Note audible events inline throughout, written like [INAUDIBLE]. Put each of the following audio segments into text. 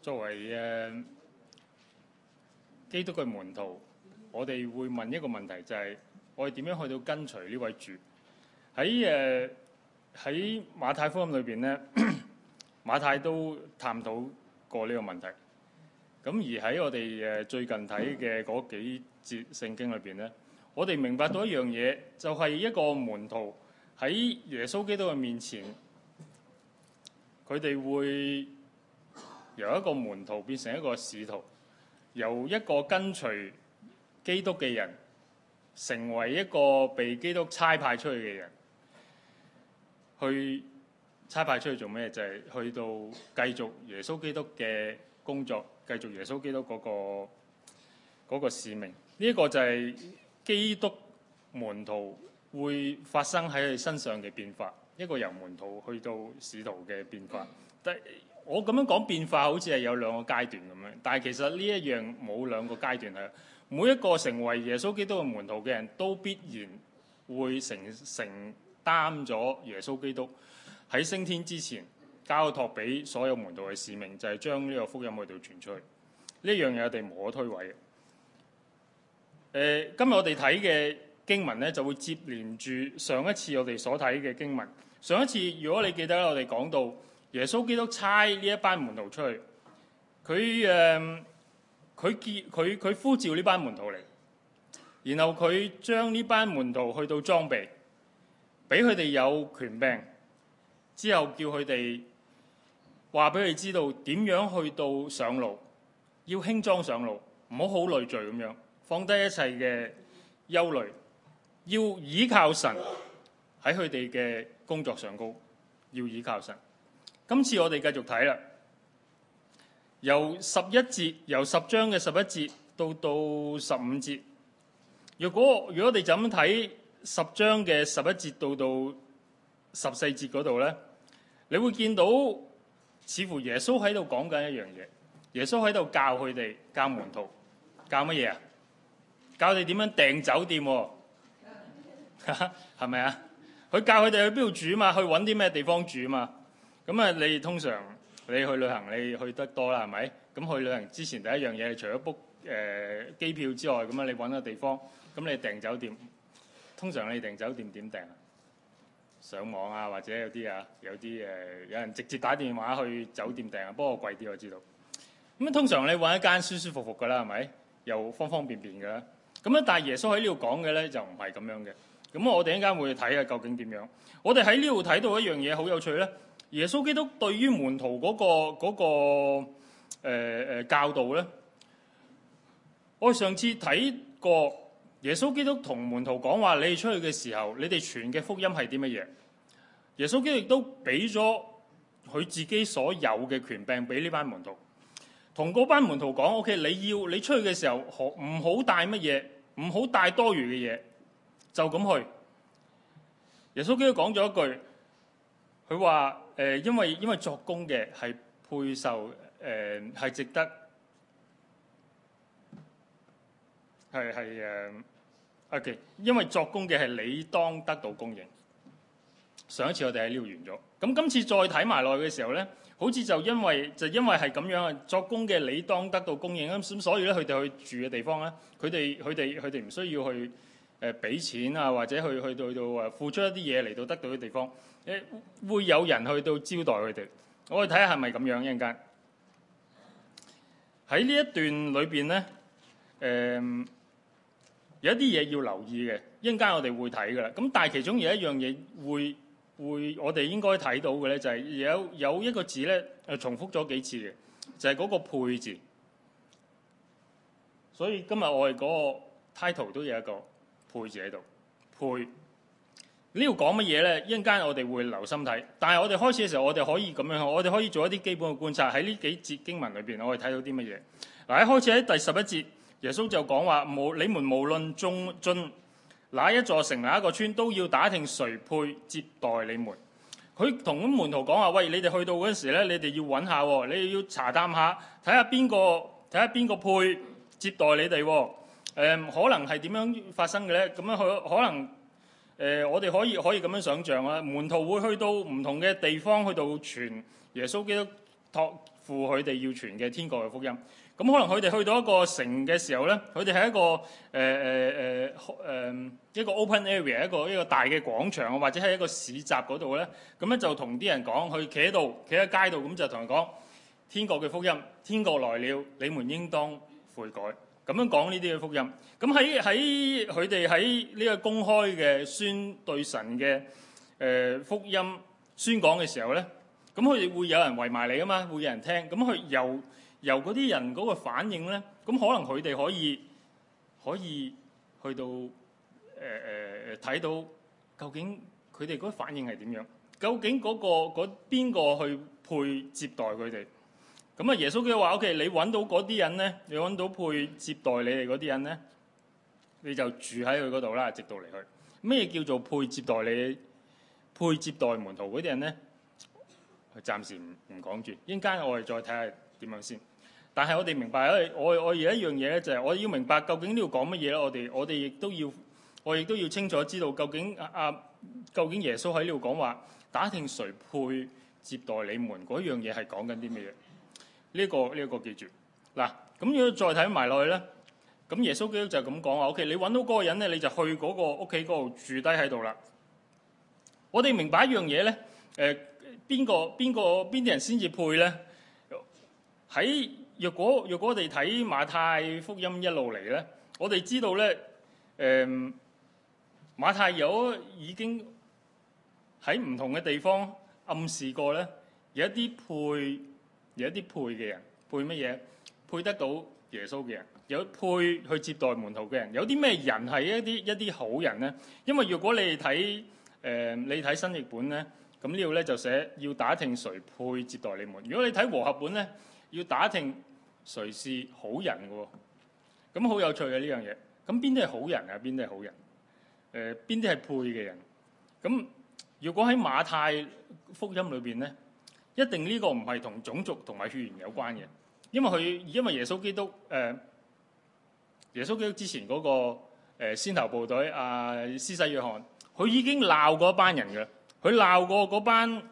作為誒、呃、基督嘅門徒，我哋會問一個問題，就係、是、我哋點樣去到跟隨呢位主？喺誒喺馬太福音裏邊咧，馬太都探討過呢個問題。咁而喺我哋誒、呃、最近睇嘅嗰幾節聖經裏邊咧，我哋明白到一樣嘢，就係、是、一個門徒喺耶穌基督嘅面前，佢哋會由一個門徒變成一個使徒，由一個跟隨基督嘅人，成為一個被基督差派出去嘅人。去差派出去做咩？就係、是、去到繼續耶穌基督嘅工作，繼續耶穌基督嗰、那個那個使命。呢、這個個就係基督門徒會發生喺佢身上嘅變化，一個由門徒去到使徒嘅變化。嗯我咁樣講變化好似係有兩個階段咁樣，但係其實呢一樣冇兩個階段嘅。每一個成為耶穌基督嘅門徒嘅人都必然會承承擔咗耶穌基督喺升天之前交託俾所有門徒嘅使命，就係將呢個福音喺度傳出去。呢樣嘢我哋無可推諉嘅。呃，今日我哋睇嘅經文呢，就會接連住上一次我哋所睇嘅經文。上一次如果你記得，我哋講到，耶穌基督差呢一班門徒出去，佢誒佢結佢佢呼召呢班門徒嚟，然後佢將呢班門徒去到裝備，俾佢哋有權柄，之後叫佢哋話俾佢哋知道點樣去到上路，要輕裝上路，唔好好累贅咁樣放低一切嘅憂慮，要倚靠神喺佢哋嘅工作上高，要倚靠神。今次我哋繼續睇啦，由十一節，由十章嘅十一節到到十五節。如果如果我哋就咁睇十章嘅十一節到到十四節嗰度咧，你會見到似乎耶穌喺度講緊一樣嘢，耶穌喺度教佢哋教門徒教乜嘢啊？教你點樣訂酒店喎？係咪啊？佢教佢哋去邊度住啊嘛？去搵啲咩地方住啊嘛？咁啊！你通常你去旅行，你去得多啦，係咪？咁去旅行之前第一樣嘢，除咗 book 誒機票之外，咁啊，你揾個地方，咁你訂酒店。通常你訂酒店點訂啊？上網啊，或者有啲啊，有啲誒、呃，有人直接打電話去酒店訂啊。不過貴啲我知道。咁通常你揾一間舒舒服服噶啦，係咪？又方方便便噶啦。咁啊，但係耶穌喺呢度講嘅咧，就唔係咁樣嘅。咁我哋一陣會睇下究竟點樣？我哋喺呢度睇到一樣嘢好有趣咧。耶穌基督對於門徒嗰、嗰個、嗰個誒誒、呃呃、教導咧，我上次睇過耶穌基督同門徒講話，你哋出去嘅時候，你哋傳嘅福音係啲乜嘢？耶穌基督亦都俾咗佢自己所有嘅權柄俾呢班門徒，同嗰班門徒講：OK，你要你出去嘅時候，唔好帶乜嘢，唔好帶多餘嘅嘢，就咁去。耶穌基督講咗一句，佢話。誒，因為因為作工嘅係配售，誒係值得，係係誒，O K。因為作工嘅係理當得到供應。上一次我哋係撩完咗，咁今次再睇埋落去嘅時候咧，好似就因為就因為係咁樣啊，作工嘅理當得到供應啊，咁所以咧佢哋去住嘅地方咧，佢哋佢哋佢哋唔需要去誒俾、呃、錢啊，或者去去到去到誒付出一啲嘢嚟到得到嘅地方。誒會有人去到招待佢哋，我哋睇下係咪咁樣。一陣間，喺呢一段裏邊咧，誒有一啲嘢要留意嘅，一陣間我哋會睇噶啦。咁但係其中有一樣嘢會會，我哋應該睇到嘅咧，就係有有一個字咧，誒重複咗幾次嘅，就係嗰個配字。所以今日我哋嗰個 title 都有一個配字喺度，配，呢度講乜嘢呢？一陣間我哋會留心睇。但係我哋開始嘅時候，我哋可以咁樣，我哋可以做一啲基本嘅觀察。喺呢幾節經文裏邊，我哋睇到啲乜嘢？嗱，一開始喺第十一節，耶穌就講話：無你們無論進進哪一座城、哪一個村，都要打聽誰配接待你們。佢同啲門徒講話：喂，你哋去到嗰陣時咧，你哋要揾下，你哋要查探下，睇下邊個，睇下邊個配接待你哋。誒、嗯，可能係點樣發生嘅呢？咁樣去，可能。誒、呃，我哋可以可以咁樣想象啊，門徒會去到唔同嘅地方，去到傳耶穌基督託付佢哋要傳嘅天國嘅福音。咁可能佢哋去到一個城嘅時候咧，佢哋喺一個誒誒誒誒一個 open area，一個一個大嘅廣場，或者係一個市集嗰度咧，咁咧就同啲人講，去企喺度，企喺街度，咁就同人講天國嘅福音，天國來了，你們應當悔改。咁樣講呢啲嘅福音，咁喺喺佢哋喺呢個公開嘅宣對神嘅誒福音宣講嘅時候咧，咁佢哋會有人圍埋你啊嘛，會有人聽，咁佢由由嗰啲人嗰個反應咧，咁可能佢哋可以可以去到誒誒睇到究竟佢哋嗰反應係點樣，究竟嗰個嗰邊個去配接待佢哋。咁啊！耶穌佢話：O.K.，你揾到嗰啲人咧，你揾到配接待你哋嗰啲人咧，你就住喺佢嗰度啦，直到離去。咩叫做配接待你、配接待門徒嗰啲人咧？暫時唔唔講住，一陣間我哋再睇下點樣先。但係我哋明白，因為我我有一樣嘢咧，就係我要明白究竟呢度講乜嘢咧。我哋我哋亦都要我亦都要清楚知道究竟啊啊，究竟耶穌喺呢度講話打聽誰配接待你們嗰樣嘢係講緊啲乜嘢？呢、這、一個呢一、這個記住嗱，咁、啊、要再睇埋落去咧，咁耶穌基督就咁講啊，O K，你揾到嗰個人咧，你就去嗰個屋企嗰度住低喺度啦。我哋明白一樣嘢咧，誒、呃、邊個邊個邊啲人先至配咧？喺若果若果我哋睇馬太福音一路嚟咧，我哋知道咧，誒、呃、馬太有已經喺唔同嘅地方暗示過咧，有一啲配。有一啲配嘅人，配乜嘢？配得到耶穌嘅人，有配去接待門徒嘅人。有啲咩人係一啲一啲好人呢？因為如果你睇誒、呃、你睇新譯本呢，咁呢度咧就寫要打聽誰配接待你們。如果你睇和合本呢，要打聽誰是好人嘅。咁好有趣嘅呢樣嘢。咁邊啲係好人啊？邊啲係好人？誒邊啲係配嘅人？咁如果喺馬太福音裏邊呢。一定呢個唔係同種族同埋血緣有關嘅，因為佢因為耶穌基督、呃、耶穌基督之前嗰、那個、呃、先頭部隊阿施洗約翰，佢已經鬧過一班人嘅，佢鬧過嗰班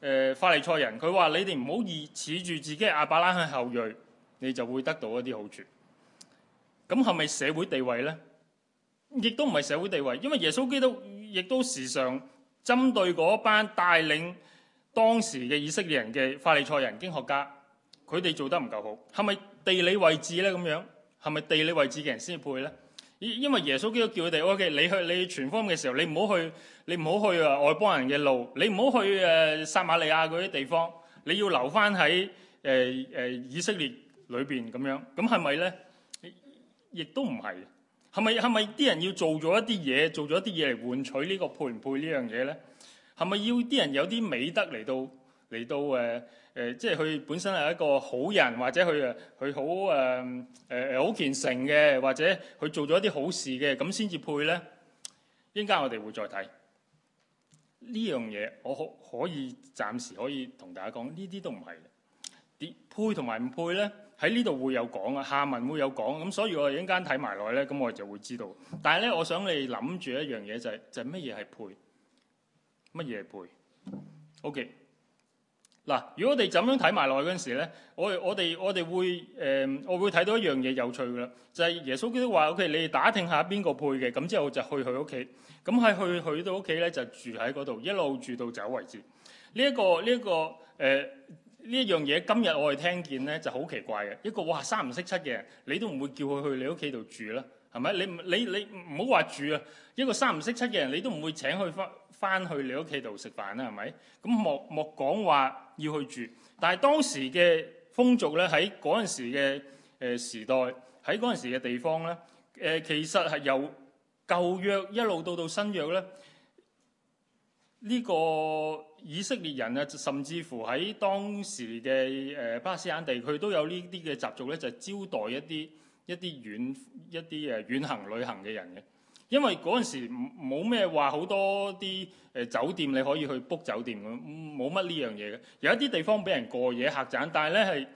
誒法利賽人，佢話你哋唔好依恃住自己亞伯拉罕後裔，你就會得到一啲好處。咁係咪社會地位呢？亦都唔係社會地位，因為耶穌基督亦都時常針對嗰班帶領。當時嘅以色列人嘅法利賽人經學家，佢哋做得唔夠好，係咪地理位置咧咁樣？係咪地理位置嘅人先配咧？因因為耶穌基督叫佢哋，OK，你去你去全方嘅時候，你唔好去，你唔好去啊外邦人嘅路，你唔好去誒、啊、撒瑪利亞嗰啲地方，你要留返喺誒誒以色列裏邊咁樣。咁係咪咧？亦都唔係。係咪係咪啲人要做咗一啲嘢，做咗一啲嘢嚟換取、這個、配不配這個呢個配唔配呢樣嘢咧？係咪要啲人有啲美德嚟到嚟到誒誒、呃，即係佢本身係一個好人，或者佢誒佢好誒誒誒好虔誠嘅，或者佢做咗一啲好事嘅，咁先至配咧？一陣間我哋會再睇呢樣嘢，這個、我可，可以暫時可以同大家講，呢啲都唔係。啲配同埋唔配咧，喺呢度會有講啊，下文會有講。咁所以我哋一陣間睇埋落去咧，咁我就會知道。但係咧，我想你諗住一樣嘢就係、是、就係乜嘢係配？乜嘢配？O K 嗱，okay。如果我哋咁樣睇埋落去嗰陣時咧，我我哋我哋會誒、呃，我會睇到一樣嘢有趣噶啦，就係、是、耶穌基督話：O K，你哋打聽下邊個配嘅，咁之後就去佢屋企。咁喺去佢到屋企咧，就住喺嗰度一路住到走為止。呢、這個這個呃、一個呢一個誒呢一樣嘢，今日我哋聽見咧就好奇怪嘅一個哇三唔識七嘅人，你都唔會叫佢去你屋企度住啦，係咪？你唔你你唔好話住啊，一個三唔識七嘅人，你都唔會請佢翻。翻去你屋企度食飯啦，係咪？咁莫莫講話要去住，但係當時嘅風俗咧，喺嗰陣時嘅誒、呃、時代，喺嗰陣時嘅地方咧，誒、呃、其實係由舊約一路到到新約咧，呢、呢個以色列人啊，甚至乎喺當時嘅誒、呃、巴勒斯坦地區他都有呢啲嘅習俗咧，就係、招待一啲一啲遠一啲誒遠行旅行嘅人嘅。因為嗰陣時冇咩話好多啲誒、呃、酒店你可以去 book 酒店咁，冇乜呢樣嘢嘅。有一啲地方俾人過夜客棧，但係咧係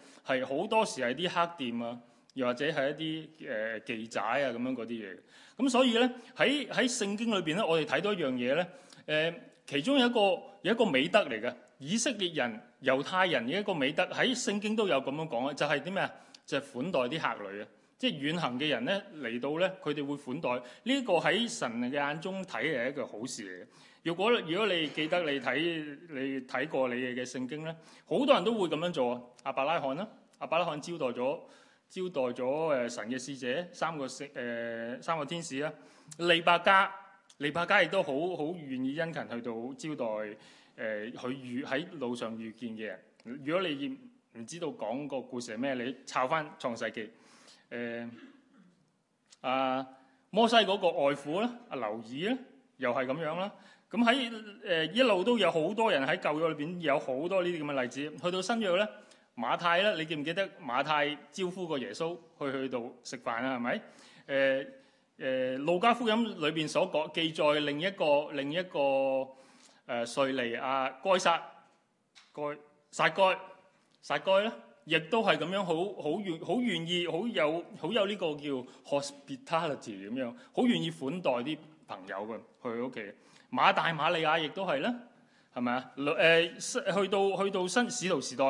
係好多時係啲黑店啊，又或者係一啲誒寄棧啊咁樣嗰啲嘢。咁所以咧喺喺聖經裏邊咧，我哋睇到一樣嘢咧，誒、呃、其中有一個有一個美德嚟嘅，以色列人猶太人嘅一個美德喺聖經都有咁樣講嘅，就係啲咩啊？就係、是、款待啲客旅啊。即係遠行嘅人咧嚟到咧，佢哋會款待呢、這個喺神嘅眼中睇係一個好事嚟嘅。若果如果你記得你睇你睇過你嘅聖經咧，好多人都會咁樣做啊。阿伯拉罕啦、啊，阿伯拉罕招待咗招待咗誒神嘅使者三個聖誒、呃、三個天使啦、啊。利伯加，利伯加亦都好好願意殷勤去到招待誒佢遇喺路上遇見嘅人。如果你唔知道講個故事係咩，你抄返《創世記》。誒啊摩西嗰個外父咧，阿流珥咧，又係咁樣啦。咁喺誒一路都有好多人喺舊約裏邊有好多呢啲咁嘅例子。去到新約咧，馬太咧，你記唔記得馬太招呼過耶穌去去度食飯呀？係咪？誒誒路加福音裏邊所講記載另一個另一個誒瑞尼阿該撒該撒該撒該啦。亦都係咁樣，好好願好願意，好有好有呢個叫 hospitality 咁樣，好願意款待啲朋友㗎，去佢屋企。馬大馬利亞亦都係啦，係咪啊？女、呃、去到去到新使徒時代，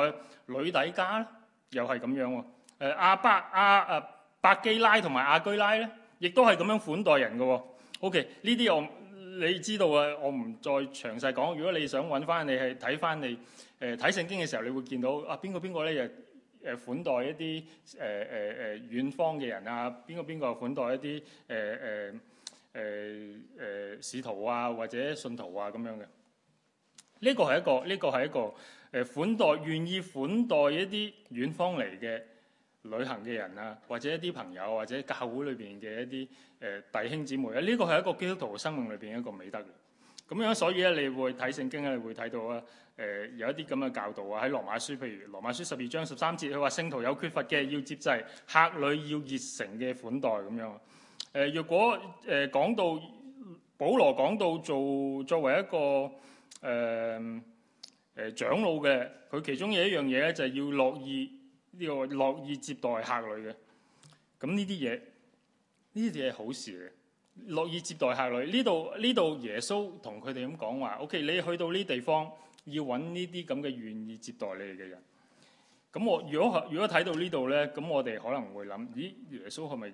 女底家又係咁樣喎、哦呃。阿伯阿誒百基拉同埋阿居拉咧，亦都係咁樣款待人㗎喎、哦。O.K. 呢啲我你知道啊，我唔再詳細講。如果你想揾翻，你係睇翻你誒睇聖經嘅時候，你會見到啊邊個邊個咧？又誒款待一啲誒誒誒遠方嘅人啊，邊個邊個款待一啲誒誒誒誒使徒啊，或者信徒啊咁樣嘅，呢個係一個呢個係一個誒款待願意款待一啲遠方嚟嘅旅行嘅人啊，或者一啲朋友，或者教會裏邊嘅一啲誒弟兄姊妹啊，呢個係一個基督徒生命裏邊一個美德嘅，咁樣所以咧，你會睇聖經咧，你會睇到啊。誒、呃、有一啲咁嘅教導啊，喺羅馬書，譬如羅馬書十二章十三節，佢話聖徒有缺乏嘅，要接濟，客旅要熱誠嘅款待咁樣。誒、呃，若果誒講、呃、到保羅講到做作為一個誒誒、呃呃、長老嘅，佢其中有一樣嘢咧，就係要樂意呢個樂意接待客旅嘅。咁呢啲嘢呢啲嘢係好事嘅，樂意接待客旅。呢度呢度耶穌同佢哋咁講話：O、OK, K，你去到呢地方。要揾呢啲咁嘅願意接待你哋嘅人。咁我如果如果睇到呢度呢，咁我哋可能會諗：咦，耶穌係咪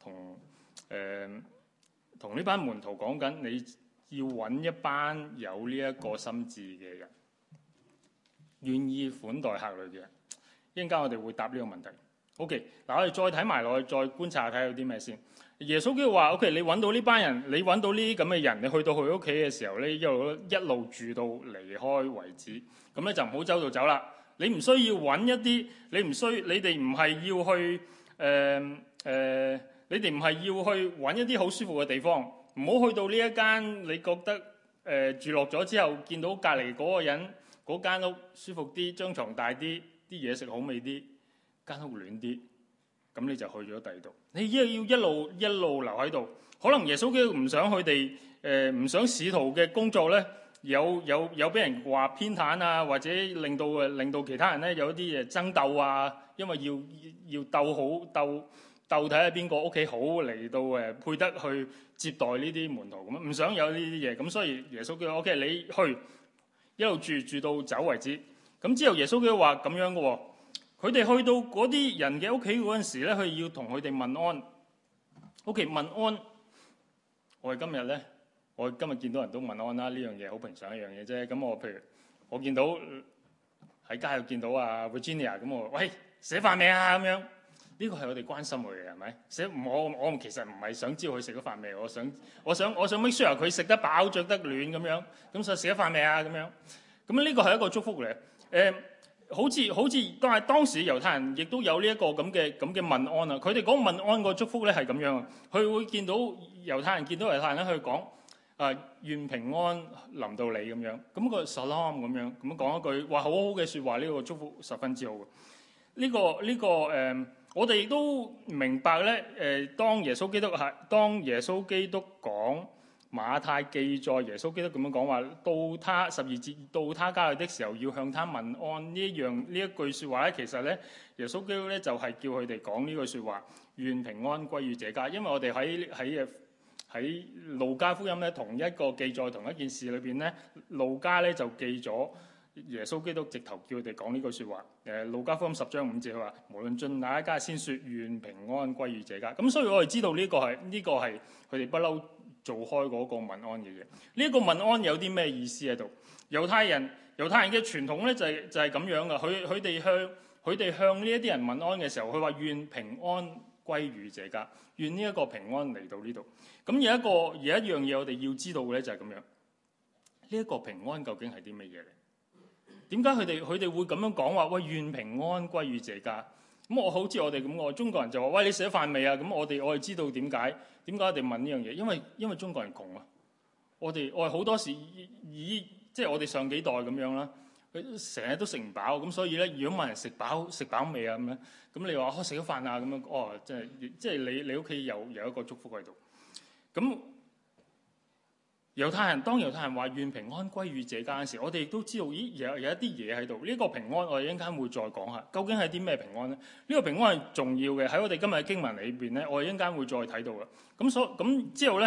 同誒、呃、同呢班門徒講緊你要揾一班有呢一個心智嘅人，願意款待客旅嘅人？一陣間我哋會答呢個問題。OK，嗱，我哋再睇埋落去，再觀察下睇有啲咩先。耶穌嘅話：OK，你揾到呢班人，你揾到呢啲咁嘅人，你去到佢屋企嘅時候咧，你一路一路住到離開為止。咁咧就唔好走度走啦。你唔需要揾一啲，你唔需要，你哋唔係要去，誒、呃、誒、呃，你哋唔係要去揾一啲好舒服嘅地方。唔好去到呢一間，你覺得誒、呃、住落咗之後，見到隔離嗰個人嗰間屋舒服啲，張床大啲，啲嘢食好味啲。間屋暖啲，咁你就去咗第二度。你依要，要一路一路留喺度，可能耶穌基督唔想佢哋唔想使徒嘅工作咧有有有俾人話偏袒啊，或者令到令到其他人咧有一啲嘢爭鬥啊，因為要要鬥好鬥鬥睇下邊個屋企好嚟到配得去接待呢啲門徒咁，唔想有呢啲嘢，咁所以耶穌基督 OK，你去一路住住到走為止。咁之後耶穌基督話咁樣嘅喎、哦。佢哋去到嗰啲人嘅屋企嗰陣時咧，佢要同佢哋問安，Ok，問安。我哋今日咧，我今日見到人都問安啦，呢樣嘢好平常一樣嘢啫。咁我譬如我見到喺街度見到啊 Virginia，咁我喂，食飯未啊？咁樣呢個係我哋關心佢嘅係咪？食我我其實唔係想知道佢食咗飯未，我想我想我想 make sure 佢食得飽、着得暖咁樣。咁所以食咗飯未啊？咁樣咁呢個係一個祝福嚟。誒、欸。好似好似，但係當時猶太人亦都有呢、這、一個咁嘅咁嘅問安啊。佢哋講問安個祝福咧係咁樣啊，佢會見到猶太人見到猶太人咧，佢講誒願平安臨到你咁樣，咁個 salam 咁樣，咁講一句話好好嘅説話呢、這個祝福十分之好嘅。呢、這個呢、這個誒、呃，我哋亦都明白咧誒、呃，當耶穌基督係當耶穌基督講。馬太記載耶穌基督咁樣講話，到他十二節到他家去的時候，要向他問安呢一樣呢一句説話咧，其實咧耶穌基督咧就係叫佢哋講呢句説話，願平安歸於這家。因為我哋喺喺喺路加福音咧同一個記載同一件事裏邊咧，路加咧就記咗耶穌基督直頭叫佢哋講呢句説話。誒，路加福音十章五節話，無論進哪一家，先説願平安歸於這家。咁所以我哋知道呢個係呢個係佢哋不嬲做開嗰個問安嘅嘢，呢個問安有啲咩意思喺度？猶太人猶太人嘅傳統咧就係就係咁樣㗎，佢佢哋向佢哋向呢一啲人問安嘅時候，佢話願平安歸於這家，願呢一個平安嚟到呢度。咁有一個有一樣嘢我哋要知道嘅咧就係咁樣，呢一個平安究竟係啲乜嘢咧？點解佢哋佢哋會咁樣講話？喂，願平安歸於這家。咁我好似我哋咁嘅，我中國人就話：喂，你食咗飯未啊？咁我哋我哋知道點解點解我哋問呢樣嘢，因為因為中國人窮啊！我哋我哋好多時以即係我哋上幾代咁樣啦，成日都食唔飽，咁所以咧，如果問人食飽食飽未啊咁樣，咁你話：食咗飯啊咁樣，哦，啊、哦即係即係你你屋企有有一個祝福喺度，咁。猶太人當猶太人話願平安歸於這家時，我哋亦都知道咦有有一啲嘢喺度。呢個平安我哋一陣會再講下，究竟係啲咩平安呢？呢個平安係重要嘅喺我哋今日經文裏邊咧，我哋一陣會再睇到嘅。咁所咁之後咧，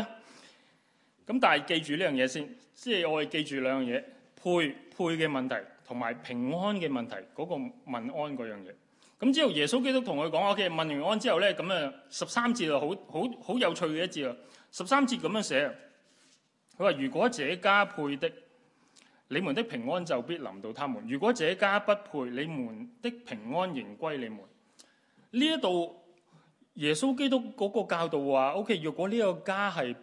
咁但係記住呢樣嘢先，即係我哋記住兩樣嘢：配配嘅問題同埋平安嘅問題嗰個問安嗰樣嘢。咁之後耶穌基督同佢講 Ok，問完安之後咧，咁啊十三節就好好好，好有趣嘅一節啊！十三節咁樣寫。佢話：如果這家配的，你們的平安就必臨到他們；如果這家不配，你們的平安仍歸你們。呢一度耶穌基督嗰個教導話：OK，如果呢個家係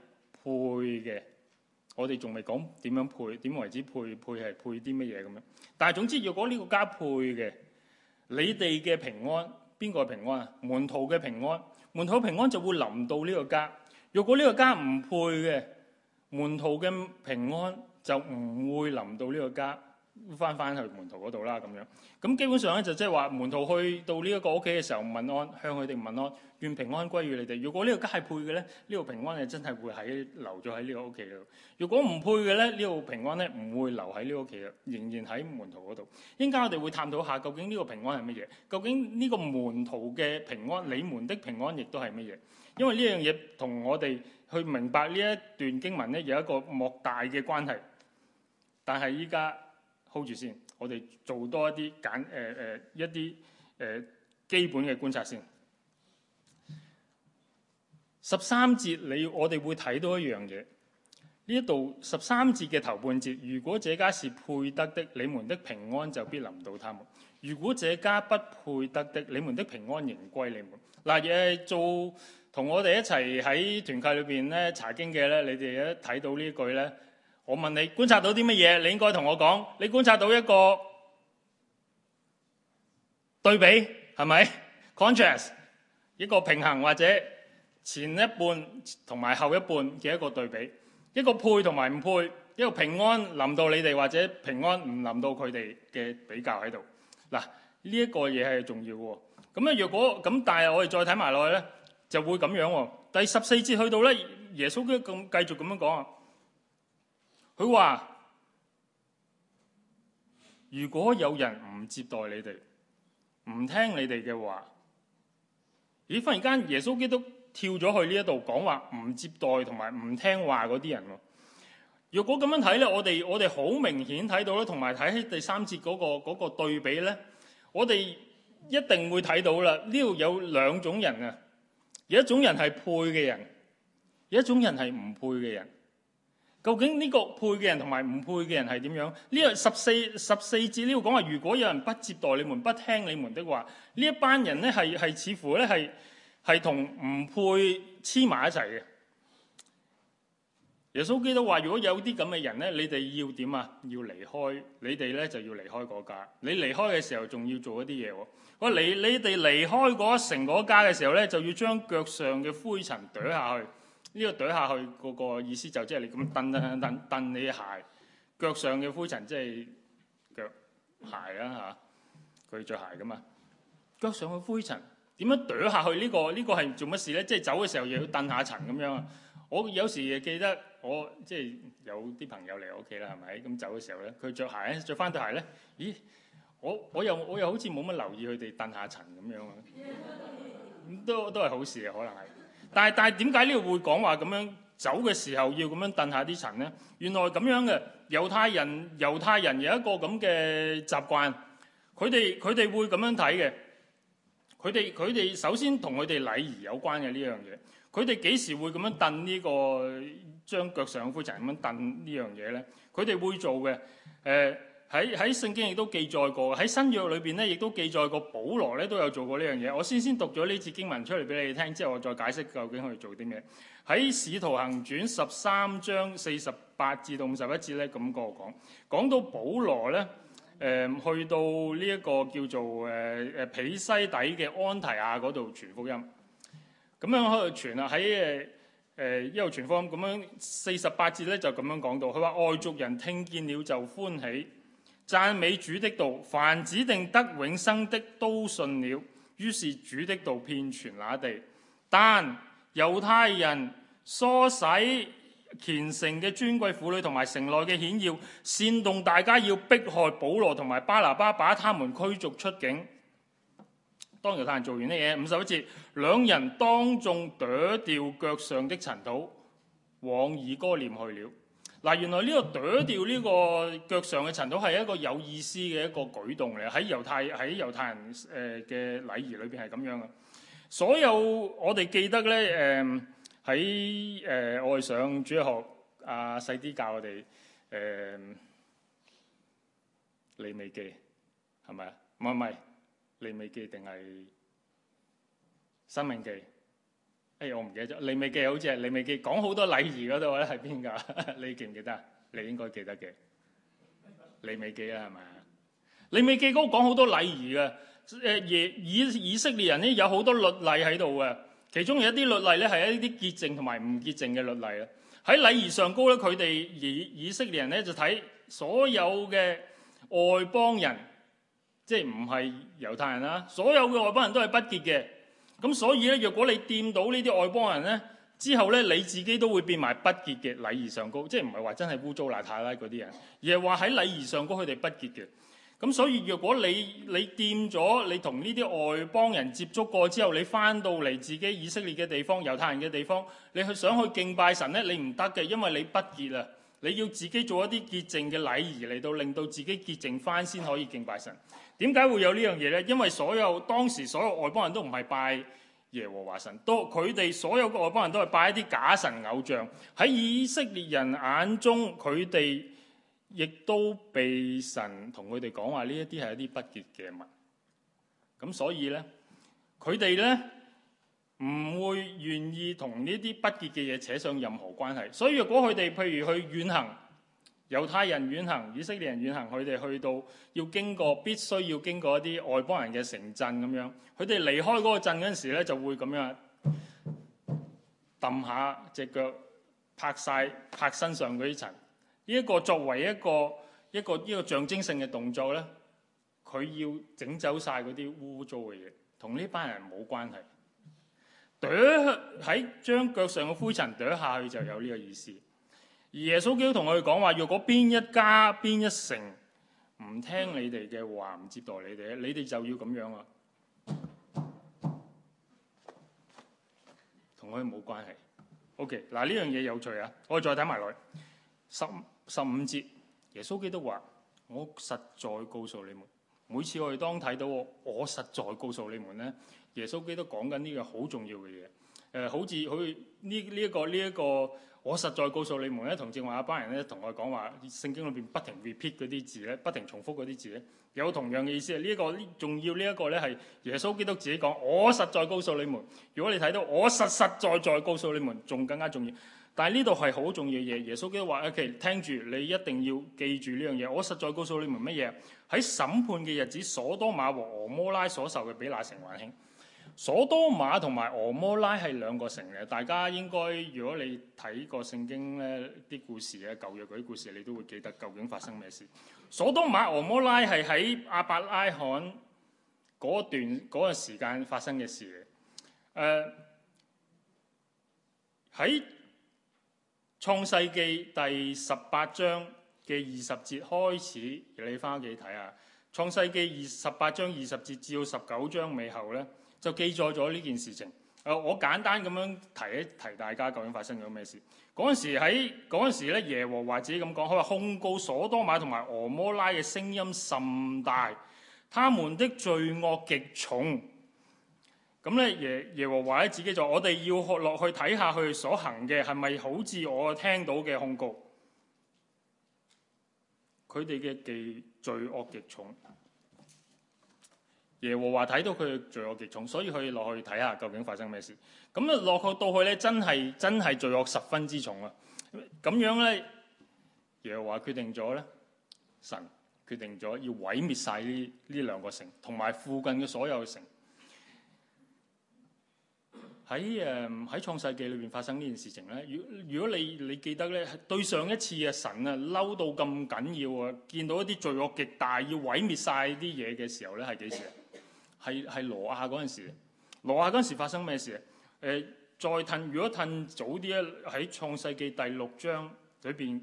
配嘅，我哋仲未講點樣配，點為之配，配係配啲乜嘢咁樣。但係總之，如果呢個家配嘅，你哋嘅平安邊個係平安啊？門徒嘅平安，門徒，平安，門徒平安就會臨到呢個家。若果呢個家唔配嘅，門徒嘅平安就唔會臨到呢個家。翻翻去門徒嗰度啦，咁樣咁基本上咧就即係話門徒去到呢一個屋企嘅時候，問安，向佢哋問安，願平安歸於你哋。如果個呢個家係配嘅咧，呢個平安係真係會喺留咗喺呢個屋企度。如果唔配嘅咧，呢個平安咧唔會留喺呢個屋企，仍然喺門徒嗰度。依家我哋會探討下究竟呢個平安係乜嘢？究竟呢個門徒嘅平安，你們的平安亦都係乜嘢？因為呢樣嘢同我哋去明白呢一段經文咧有一個莫大嘅關係。但係依家。hold 住先，我哋做多一啲簡誒誒、呃呃、一啲誒、呃、基本嘅觀察先。十三節你我哋會睇到一樣嘢，呢一度十三節嘅頭半節，如果這家是配得的，你們的平安就必臨到他們；如果這家不配得的，你們的平安仍歸你們。嗱、呃，嘢做同我哋一齊喺團契裏邊咧查經嘅咧，你哋一睇到呢句咧。我問你觀察到啲乜嘢？你應該同我講。你觀察到一個對比係咪？Contrast 一個平衡或者前一半同埋後一半嘅一個對比，一個配同埋唔配，一個平安臨到你哋或者平安唔臨到佢哋嘅比較喺度。嗱，呢一個嘢係重要嘅喎。咁咧，若果咁，但係我哋再睇埋落去咧，就會咁樣喎。第十四節去到咧，耶穌都咁繼續咁樣講啊。佢話：如果有人唔接待你哋，唔聽你哋嘅話，咦？忽然間，耶穌基督跳咗去呢一度講話唔接待同埋唔聽話嗰啲人。如果咁樣睇呢，我哋我哋好明顯睇到咧，同埋睇起第三節嗰個嗰個對比呢，我哋一定會睇到啦。呢度有兩種人啊，有一種人係配嘅人，有一種人係唔配嘅人。究竟呢個配嘅人同埋唔配嘅人係點樣？呢個十四十四節呢度講話，如果有人不接待你們，不聽你們的話，呢一班人呢，係係似乎咧係係同唔配黐埋一齊嘅。耶穌基督話：如果有啲咁嘅人呢，你哋要點啊？要離開，你哋呢就要離開嗰家。你離開嘅時候，仲要做一啲嘢喎。你你哋離開嗰城嗰家嘅時候呢，就要將腳上嘅灰塵跺下去。呢、這個對下去嗰個意思就即係你咁蹬啦，蹬蹬你鞋腳上嘅灰、啊、灰塵，即係腳鞋啦吓，佢着鞋噶嘛，腳上嘅灰塵點樣對下去，這個？呢、這個呢個係做乜事呢？即、就、係、是、走嘅時候又要蹬下塵咁樣啊！我有時記得我即係、就是、有啲朋友嚟我屋企啦，係咪？咁走嘅時候呢，佢着鞋咧，着翻對鞋呢。咦？我我又我又好似冇乜留意佢哋蹬下塵咁樣啊！都都係好事啊，可能係。但係但係點解呢個會講話咁樣走嘅時候要咁樣掟下啲塵呢？原來咁樣嘅猶太人，猶太人有一個咁嘅習慣，佢哋佢哋會咁樣睇嘅，佢哋佢哋首先同佢哋禮儀有關嘅呢樣嘢，佢哋幾時會咁樣掟呢個將腳上灰塵咁樣掟呢樣嘢呢？佢哋會做嘅，誒、呃。喺喺聖經亦都記載過喺新約裏邊咧，亦都記載過保羅咧都有做過呢樣嘢。我先先讀咗呢次經文出嚟俾你聽之後，我再解釋究竟可以做啲咩。喺《使徒行傳》十三章四十八至到五十一節咧，咁個講講到保羅咧，誒、呃、去到呢一個叫做誒誒彼西底嘅安提亞嗰度傳福音，咁樣喺度傳啦。喺誒誒一路傳福音，咁、呃呃這個、樣四十八節咧就咁樣講到，佢話外族人聽見了就歡喜。讚美主的道，凡指定得永生的都信了，於是主的道遍傳那地。但猶太人唆使虔誠嘅尊貴婦女同埋城內嘅顯要，煽動大家要迫害保羅同埋巴拿巴，把他們驅逐出境。當猶太人做完呢嘢，五十一節，兩人當眾跺掉腳上的塵土，往以哥念去了。嗱，原來呢個跺掉呢個腳上嘅塵土係一個有意思嘅一個舉動嚟。喺猶太喺猶太人誒嘅禮儀裏邊係咁樣嘅。所有我哋記得咧，誒喺誒我上主日學，阿細啲教我哋誒利未記，係咪啊？唔係唔係利未記定係申命記？哎，我唔記得你未記？好似你未記，講好多禮儀嗰度咧，係邊個？ [LAUGHS] 你記唔記得啊？你應該記得嘅。你未記啦，係咪？你未記高講好多禮儀嘅。誒耶以以色列人咧，有好多律例喺度嘅。其中有一啲律例咧，係一啲潔淨同埋唔潔淨嘅律例啊。喺禮儀上高咧，佢哋以以色列人咧就睇所有嘅外邦人，即係唔係猶太人啦？所有嘅外邦人都係不潔嘅。咁所以咧，若果你掂到呢啲外邦人咧，之後咧你自己都會變埋不潔嘅，禮儀上高，即係唔係話真係污糟邋遢啦嗰啲人，而係話喺禮儀上高佢哋不潔嘅。咁所以若果你你掂咗，你同呢啲外邦人接觸過之後，你返到嚟自己以色列嘅地方、猶太人嘅地方，你去想去敬拜神咧，你唔得嘅，因為你不潔啊。你要自己做一啲潔淨嘅禮儀嚟到，令到自己潔淨翻先可以敬拜神。點解會有呢樣嘢呢？因為所有當時所有外邦人都唔係拜耶和華神，都佢哋所有嘅外邦人都係拜一啲假神偶像。喺以色列人眼中，佢哋亦都被神同佢哋講話，呢一啲係一啲不潔嘅物。咁所以呢，佢哋呢。唔會願意同呢啲不潔嘅嘢扯上任何關係。所以，如果佢哋譬如去遠行，猶太人遠行、以色列人遠行，佢哋去到要經過必須要經過一啲外邦人嘅城鎮咁樣，佢哋離開嗰個鎮嗰陣時咧，就會咁樣揼下隻腳，拍晒拍身上嗰啲塵。呢、這、一個作為一個一個一個象徵性嘅動作呢，佢要整走晒嗰啲污糟嘅嘢，同呢班人冇關係。喺將腳上嘅灰塵掉下去就有呢個意思。耶穌基督同佢講話，若果邊一家邊一城唔聽你哋嘅話，唔接待你哋，你哋就要咁樣啦，同佢冇關係。OK，嗱呢樣嘢有趣啊！我哋再睇埋落去十十五節，耶穌基督話，我實在告訴你們，每次我哋當睇到我，我實在告訴你們呢。」耶穌基督講緊呢個好重要嘅嘢，誒、呃，好似佢呢呢一個呢一、這個這個，我實在告訴你們咧，同正話一班人咧，同我講話聖經裏邊不停 repeat 嗰啲字咧，不停重複嗰啲字咧，有同樣嘅意思啊！呢、這、一個仲要呢一個咧係耶穌基督自己講，我實在告訴你們，如果你睇到我實實在在告訴你們，仲更加重要。但係呢度係好重要嘅嘢，耶穌基督話 OK，聽住你一定要記住呢樣嘢。我實在告訴你們乜嘢？喺審判嘅日子，所多瑪和俄摩拉所受嘅比那城還輕。所多瑪同埋俄摩拉係兩個城嚟，大家應該，如果你睇過聖經咧啲故事啊，舊約嗰啲故事，你都會記得究竟發生咩事。所多瑪、俄摩拉係喺阿伯拉罕嗰段嗰個時間發生嘅事嚟。誒，喺創世記第十八章嘅二十節開始，你翻屋企睇下創世記二十八章二十節至到十九章尾後咧。就記載咗呢件事情。誒，我簡單咁樣提一提大家究竟發生咗咩事。嗰陣時喺嗰陣時咧，耶和華自己咁講，佢話控告所多瑪同埋俄摩拉嘅聲音甚大，他們的罪惡極重。咁咧，耶耶和華咧自己就，我哋要落去睇下佢所行嘅係咪好似我聽到嘅控告，佢哋嘅罪罪惡極重。耶和華睇到佢罪惡極重，所以佢落去睇下究竟發生咩事。咁啊，落去到去咧，真係真係罪惡十分之重啊！咁樣咧，耶和華決定咗咧，神決定咗要毀滅晒呢呢兩個城同埋附近嘅所有城。喺誒喺創世紀裏邊發生呢件事情咧。如如果你你記得咧，對上一次啊，神啊嬲到咁緊要啊，見到一啲罪惡極大要毀滅晒啲嘢嘅時候咧，係幾時啊？係係羅亞嗰陣時，羅亞嗰陣時發生咩事？誒、呃、再褪，如果褪早啲咧，喺創世記第六章裏邊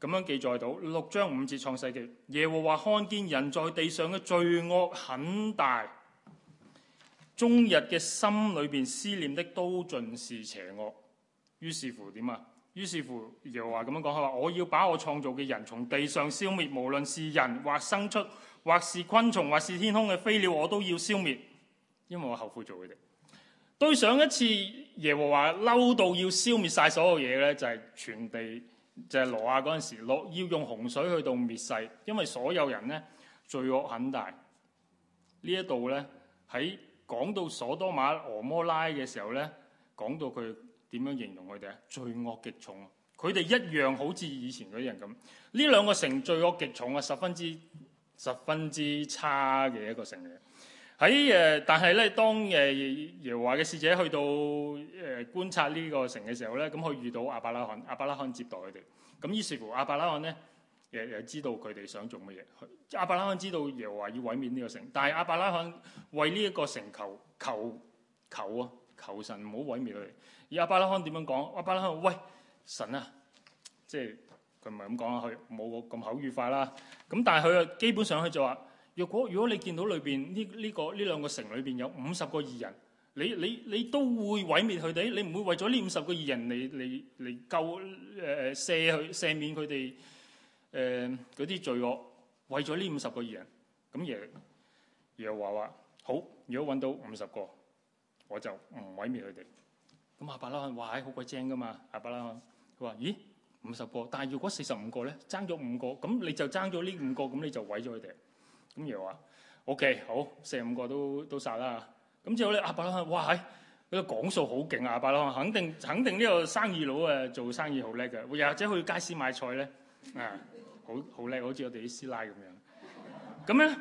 咁樣記載到六章五節創世記，耶和華看見人在地上嘅罪惡很大，終日嘅心裏邊思念的都盡是邪惡，於是乎點啊？於是乎耶和華咁樣講，佢話我要把我創造嘅人從地上消滅，無論是人或生出，或是昆蟲，或是天空嘅飛鳥，我都要消滅，因為我後悔做佢哋。對上一次耶和華嬲到要消滅晒所有嘢呢，就係全地，就係羅亞嗰陣時落要用洪水去到滅世，因為所有人呢，罪惡很大。呢一度呢，喺講到索多瑪俄摩拉嘅時候呢，講到佢點樣形容佢哋啊？罪惡極重，佢哋一樣好似以前嗰啲人咁。呢兩個城罪惡極重啊，十分之。十分之差嘅一個城嚟嘅，喺誒、呃，但係咧，當誒耶，耶和華嘅使者去到誒、呃、觀察呢個城嘅時候咧，咁佢遇到阿伯拉罕，阿伯拉罕接待佢哋。咁於是乎，阿伯拉罕咧，又又知道佢哋想做乜嘢。阿伯拉罕知道耶和華要毀滅呢個城，但係阿伯拉罕為呢一個城求求求，求啊，求神唔好毀滅佢哋。而阿巴拉罕點樣講？阿巴拉罕喂，神啊，即係。佢唔係咁講啊？佢冇咁口語化啦。咁但係佢啊，基本上佢就話：若果如果你見到裏邊呢呢個呢兩個城裏邊有五十個義人，你你你都會毀滅佢哋，你唔會為咗呢五十個義人嚟嚟嚟救誒赦佢赦免佢哋誒嗰啲罪惡？為咗呢五十個義人，咁耶和華話話好。如果揾到五十個，我就唔毀滅佢哋。咁阿伯拉罕話：唉，好鬼精㗎嘛！阿伯拉罕佢話：咦？五十個，但係如果四十五個咧，爭咗五個，咁你就爭咗呢五個，咁你就毀咗佢哋。咁又話：O K，好，四十五個都都殺啦。咁之後咧，亞伯拉罕，哇係，佢講數好勁啊！亞伯拉罕，肯定肯定呢個生意佬誒，做生意好叻嘅。又或者去街市買菜咧，誒，好好叻，好似我哋啲師奶咁樣。咁咧，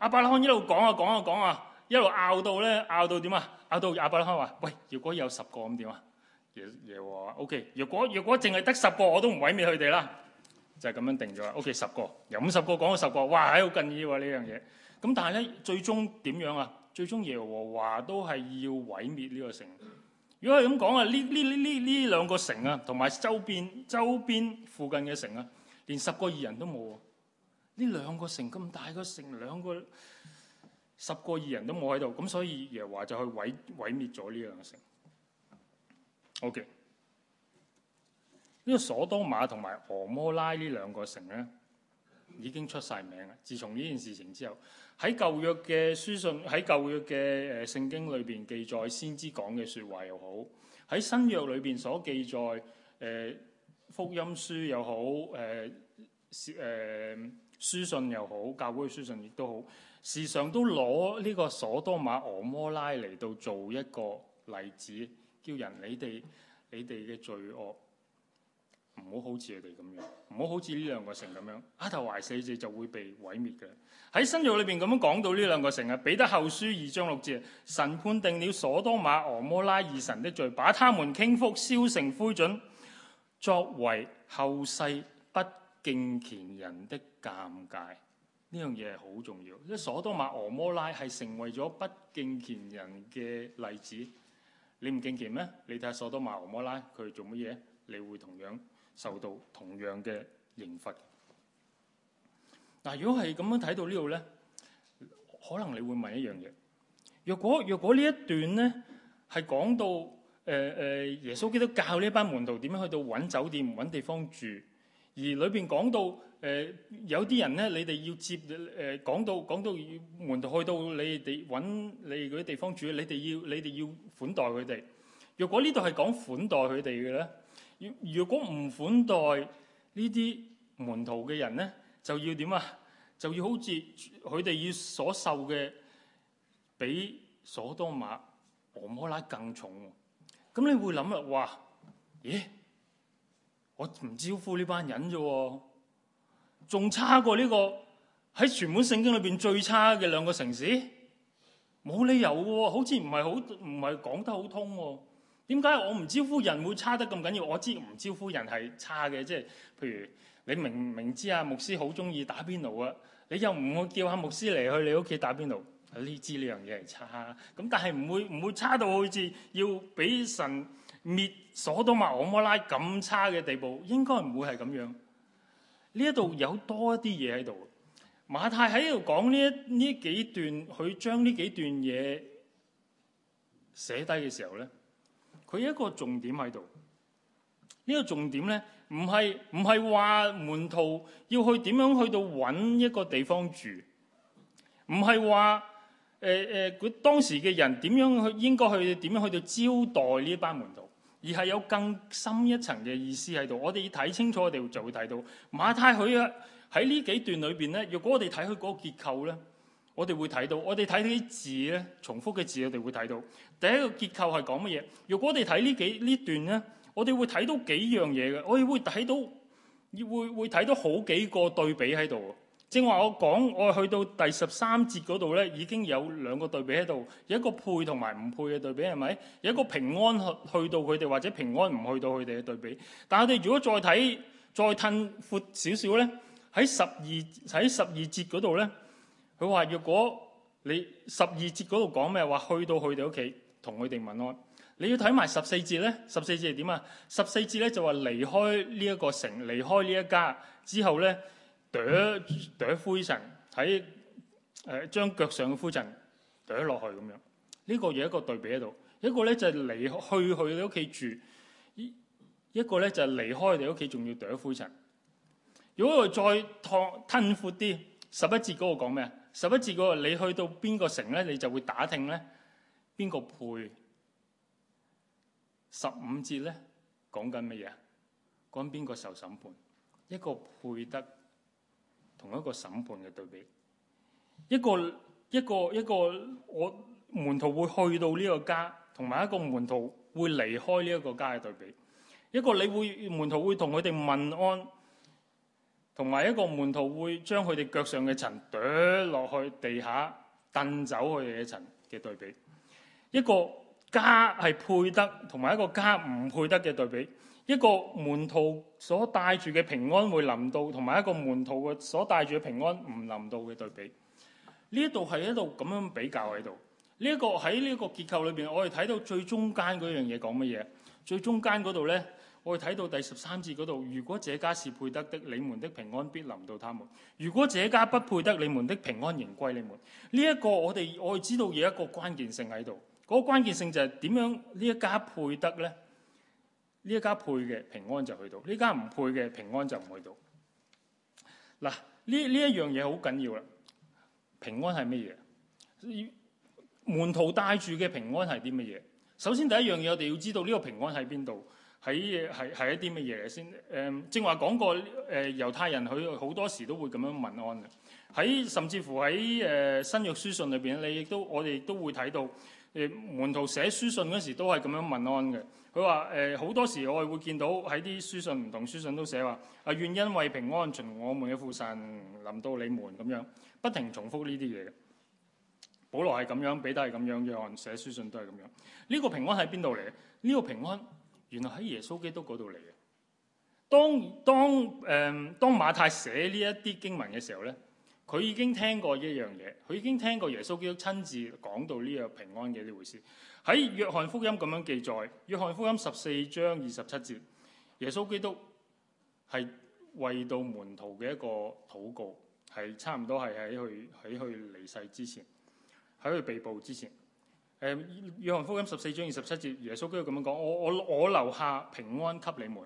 亞伯拉罕，一路講啊講啊講啊，一路拗到咧，拗到點啊？拗到亞伯拉罕，話喂，如果有十個咁點啊？耶耶和華，O K，若果若果淨係得十個，我都唔毀滅佢哋啦，就係、是、咁樣定咗啦。O、OK, K，十個由五十個講到十個，哇，係好近意喎呢樣嘢。咁但係咧，最終點樣啊？最終耶和華都係要毀滅呢個城。如果係咁講啊，呢呢呢呢呢兩個城啊，同埋周邊周邊附近嘅城啊，連十個義人都冇，呢兩個城咁大個城，兩個十個義人都冇喺度，咁所以耶和華就去毀毀滅咗呢兩個城。OK，呢個所多瑪同埋俄摩拉呢兩個城咧，已經出晒名啦。自從呢件事情之後，喺舊約嘅書信，喺舊約嘅誒聖經裏邊記載先知講嘅説話又好，喺新約裏邊所記載誒、呃、福音書又好，誒、呃、誒書信又好，教會書信亦都好，時常都攞呢個所多瑪、俄摩拉嚟到做一個例子。叫人你哋，你哋嘅罪惡唔好好似你哋咁樣，唔好好似呢兩個城咁樣，阿頭壞死字就會被毀滅嘅。喺新約裏邊咁樣講到呢兩個城啊，彼得後書二章六節，神判定了所多瑪、俄摩拉二神的罪，把他們傾覆燒成灰燼，作為後世不敬虔人的鑑戒。呢樣嘢好重要，即係所多瑪、俄摩拉係成為咗不敬虔人嘅例子。你唔敬虔咩？你睇下所多瑪和摩拉，佢做乜嘢？你會同樣受到同樣嘅刑罰。嗱，如果係咁樣睇到呢度咧，可能你會問一樣嘢：若果若果呢一段咧係講到誒誒、呃、耶穌基督教呢班門徒點樣去到揾酒店揾地方住？而裏邊講到誒、呃、有啲人咧，你哋要接誒、講、呃、到講到門徒去到你哋揾你嗰啲地方住，你哋要你哋要款待佢哋。若果呢度係講款待佢哋嘅咧，若若果唔款待呢啲門徒嘅人咧，就要點啊？就要好似佢哋要所受嘅比所多瑪俄摩拉更重。咁你會諗啦，哇？咦？我唔招呼呢班人啫，仲差過呢個喺全本聖經裏邊最差嘅兩個城市，冇理由喎，好似唔係好唔係講得好通喎。點解我唔招呼人會差得咁緊要？我知唔招呼人係差嘅，即係譬如你明明知阿牧師好中意打邊爐啊，你又唔會叫阿牧師嚟去你屋企打邊爐，呢知呢樣嘢係差。咁但係唔會唔會差到好似要俾神。滅所多瑪、俄摩拉咁差嘅地步，應該唔會係咁樣。呢一度有多一啲嘢喺度。馬太喺度講呢呢幾段，佢將呢幾段嘢寫低嘅時候咧，佢一個重點喺度。呢個重點咧，唔係唔係話門徒要去點樣去到揾一個地方住，唔係話誒誒佢當時嘅人點樣去應該去點樣去到招待呢班門徒。而係有更深一層嘅意思喺度，我哋睇清楚，我哋就會睇到馬太許啊喺呢幾段裏邊咧，如果我哋睇佢嗰個結構咧，我哋會睇到，我哋睇啲字咧，重複嘅字我哋會睇到。第一個結構係講乜嘢？如果我哋睇呢幾呢段咧，我哋會睇到幾樣嘢嘅，我哋會睇到，會會睇到好幾個對比喺度。正話我講，我去到第十三節嗰度咧，已經有兩個對比喺度，有一個配同埋唔配嘅對比，係咪？有一個平安去去到佢哋，或者平安唔去到佢哋嘅對比。但係我哋如果再睇、再褪闊少少咧，喺十二喺十二節嗰度咧，佢話：若果你十二節嗰度講咩？話去到佢哋屋企，同佢哋問安。你要睇埋十四節咧，十四節係點啊？十四節咧就話離開呢一個城，離開呢一家之後咧。啄啄灰塵喺誒，將腳、呃、上嘅灰塵啄落去咁樣。呢、這個有一個對比喺度。一個咧就離、是、去去你屋企住，一一個咧就離、是、開你屋企，仲要啄灰塵。如果再擴吞闊啲，十一節嗰個講咩啊？十一節嗰個你去到邊個城咧，你就會打聽咧邊個配。十五節咧講緊乜嘢啊？講緊邊個受審判？一個配得。同一個審判嘅對比，一個一個一個，我門徒會去到呢個家，同埋一個門徒會離開呢一個家嘅對比，一個你會門徒會同佢哋問安，同埋一個門徒會將佢哋腳上嘅塵啄落去地下，掟走佢哋嘅塵嘅對比，一個。家係配得同埋一個家唔配得嘅對比，一個門徒所帶住嘅平安會臨到，同埋一個門徒嘅所帶住嘅平安唔臨到嘅對比。呢一度係喺度咁樣比較喺度。呢、這、一個喺呢一個結構裏邊，我哋睇到最中間嗰樣嘢講乜嘢？最中間嗰度呢，我哋睇到第十三節嗰度：「如果這家是配得的，你們的平安必臨到他們；如果這家不配得，你們的平安仍歸你們。呢、這、一個我哋我哋知道有一個關鍵性喺度。個關鍵性就係點樣呢一家配得咧？呢一家配嘅平安就去到，呢家唔配嘅平安就唔去到。嗱，呢呢一樣嘢好緊要啦。平安係乜嘢？門徒帶住嘅平安係啲乜嘢？首先第一樣嘢，我哋要知道呢個平安喺邊度，喺係係一啲乜嘢嚟先？誒、呃，正話講過誒，猶太人佢好多時都會咁樣問安嘅喺，甚至乎喺誒、呃、新約書信裏邊，你亦都我哋亦都會睇到。誒，門徒寫書信嗰時候都係咁樣問安嘅。佢話誒，好多時候我會見到喺啲書信唔同書信，都寫話，願、啊、因為平安，從我們嘅父神臨到你們咁樣，不停重複呢啲嘢。保羅係咁樣，彼得係咁樣，約翰寫書信都係咁樣。呢、這個平安喺邊度嚟？呢、這個平安原來喺耶穌基督嗰度嚟嘅。當當誒當馬太寫呢一啲經文嘅時候咧。佢已經聽過一樣嘢，佢已經聽過耶穌基督親自講到呢個平安嘅呢回事。喺約翰福音咁樣記載，約翰福音十四章二十七節，耶穌基督係為到門徒嘅一個禱告，係差唔多係喺佢喺佢離世之前，喺佢被捕之前。誒，約翰福音十四章二十七節，耶穌基督咁樣講：我我我留下平安給你們，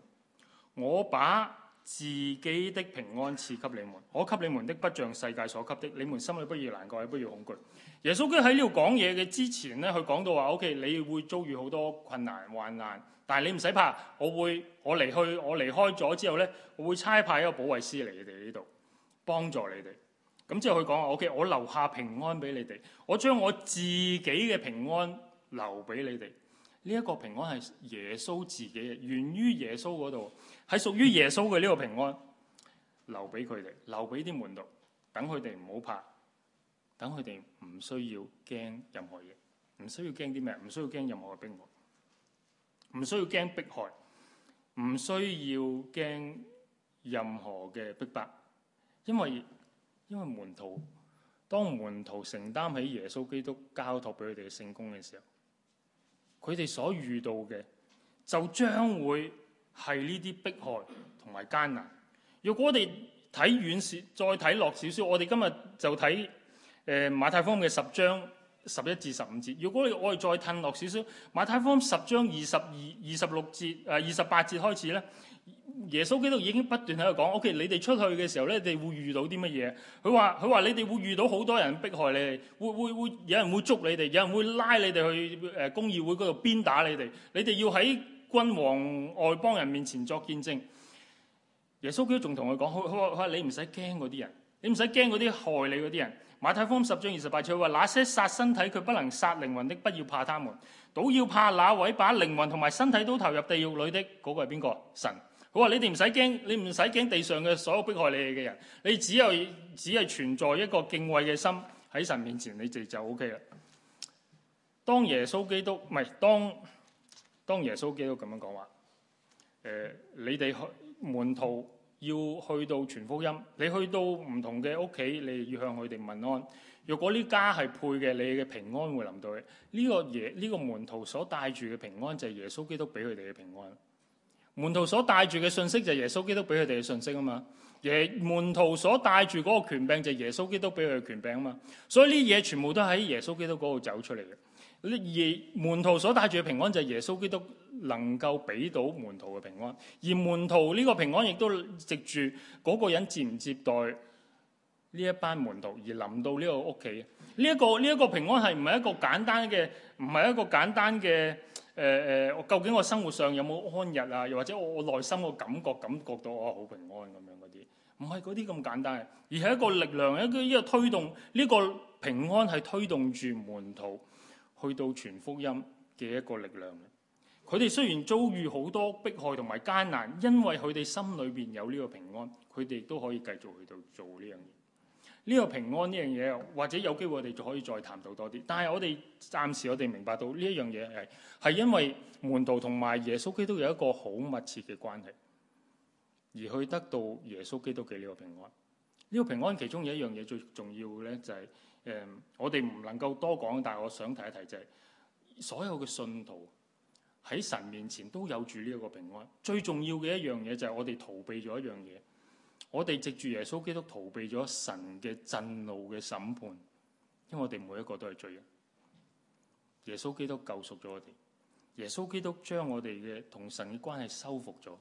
我把自己的平安賜給你們，我給你們的不像世界所給的，你們心裏不要難過，也不要恐懼。耶穌基督喺呢度講嘢嘅之前呢，佢講到話：，O K，你會遭遇好多困難患難，但係你唔使怕，我會我離去，我離開咗之後呢，我會差派一個保惠師嚟你哋呢度幫助你哋。咁之後佢講：，O K，我留下平安俾你哋，我將我自己嘅平安留俾你哋。呢、這、一個平安係耶穌自己嘅，源於耶穌嗰度，係屬於耶穌嘅呢個平安，留俾佢哋，留俾啲門徒，等佢哋唔好怕，等佢哋唔需要驚任何嘢，唔需要驚啲咩，唔需要驚任何嘅兵火，唔需要驚迫害，唔需要驚任何嘅逼迫，因為因為門徒，當門徒承擔起耶穌基督交託俾佢哋嘅聖工嘅時候，佢哋所遇到嘅就將會係呢啲迫害同埋艱難。如果我哋睇遠少，再睇落少少，我哋今日就睇誒、呃、馬太福音嘅十章十一至十五節。如果我哋再褪落少少，馬太福音十章二十二二十六節誒、呃、二十八節開始咧。耶穌基督已經不斷喺度講，O.K. 你哋出去嘅時候咧，你哋會遇到啲乜嘢？佢話，佢話你哋會遇到好多人迫害你哋，會會會有人會捉你哋，有人會拉你哋去誒、呃、公義會嗰度鞭打你哋。你哋要喺君王外邦人面前作見證。耶穌基督仲同佢講，佢、佢話你唔使驚嗰啲人，你唔使驚嗰啲害你嗰啲人。馬太福音十章二十八，佢話：那些殺身體卻不能殺靈魂的，不要怕他們；倒要怕那位把靈魂同埋身體都投入地獄裏的，嗰、那個係邊個？神。我話你哋唔使驚，你唔使驚地上嘅所有迫害你哋嘅人，你只有只係存在一個敬畏嘅心喺神面前，你哋就 O K 啦。當耶穌基督唔係當當耶穌基督咁樣講話，誒、呃，你哋門徒要去到傳福音，你去到唔同嘅屋企，你要向佢哋問安。若果呢家係配嘅，你嘅平安會臨到嘅。呢、這個耶呢、這個門徒所帶住嘅平安，就係、是、耶穌基督俾佢哋嘅平安。門徒所帶住嘅信息就係耶穌基督俾佢哋嘅信息啊嘛，耶門徒所帶住嗰個權柄就係耶穌基督俾佢嘅權柄啊嘛，所以呢嘢全部都喺耶穌基督嗰度走出嚟嘅。呢耶門徒所帶住嘅平安就係耶穌基督能夠俾到門徒嘅平安，而門徒呢個平安亦都藉住嗰個人接唔接待呢一班門徒而臨到呢個屋企。呢一個呢一個平安係唔係一個簡單嘅，唔係一個簡單嘅。誒誒我究竟我生活上有冇安逸啊？又或者我我內心個感覺感覺到我好平安咁樣嗰啲，唔係嗰啲咁簡單，嘅，而係一個力量，一個一個推動呢、這個平安係推動住門徒去到傳福音嘅一個力量。佢哋雖然遭遇好多迫害同埋艱難，因為佢哋心裏邊有呢個平安，佢哋都可以繼續去到做呢樣嘢。呢、呢個平安呢樣嘢，或者有機會我哋就可以再談到多啲。但係我哋暫時我哋明白到呢一樣嘢係，係因為門徒同埋耶穌基督有一個好密切嘅關係，而去得到耶穌基督嘅呢個平安。呢、呢個平安其中有一樣嘢最重要嘅呢、就係，就、嗯、係我哋唔能夠多講，但係我想提一提就係、是、所有嘅信徒喺神面前都有住呢一個平安。最重要嘅一樣嘢就係我哋逃避咗一樣嘢。我哋藉住耶穌基督逃避咗神嘅震怒嘅審判，因為我哋每一個都係罪人。耶穌基督救贖咗我哋，耶穌基督將我哋嘅同神嘅關係修復咗，